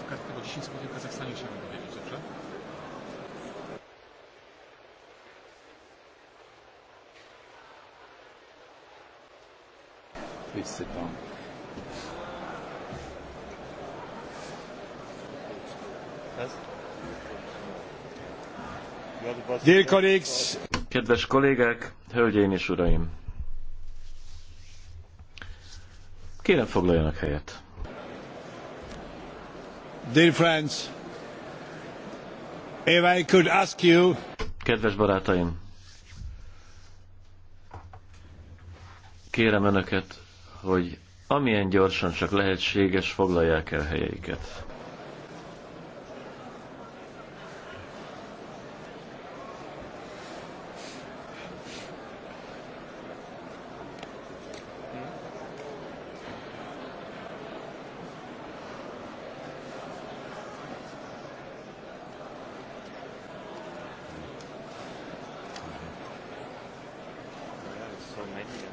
prostu tego dzisiaj 10 sekund w Kazachstanie chciałbym powiedzieć, dobrze? Please sit Dear colleagues, Kedves kollégák, hölgyeim és uraim! Kérem foglaljanak helyet. Dear friends, if I could ask you... Kedves barátaim, kérem Önöket, hogy amilyen gyorsan csak lehetséges, foglalják el helyeiket. asszony megy, igen.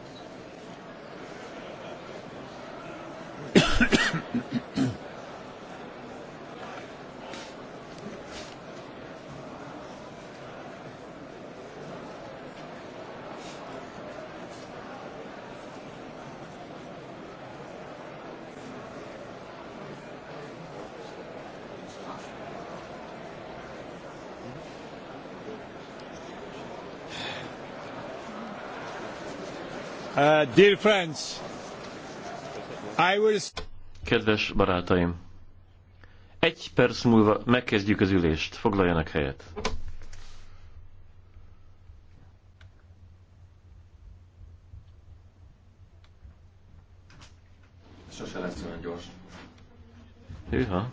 Uh, Kedves barátaim, egy perc múlva megkezdjük az ülést. Foglaljanak helyet. Sose lesz olyan gyors. Hűha.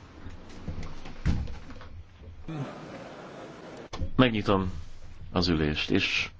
Megnyitom az ülést, és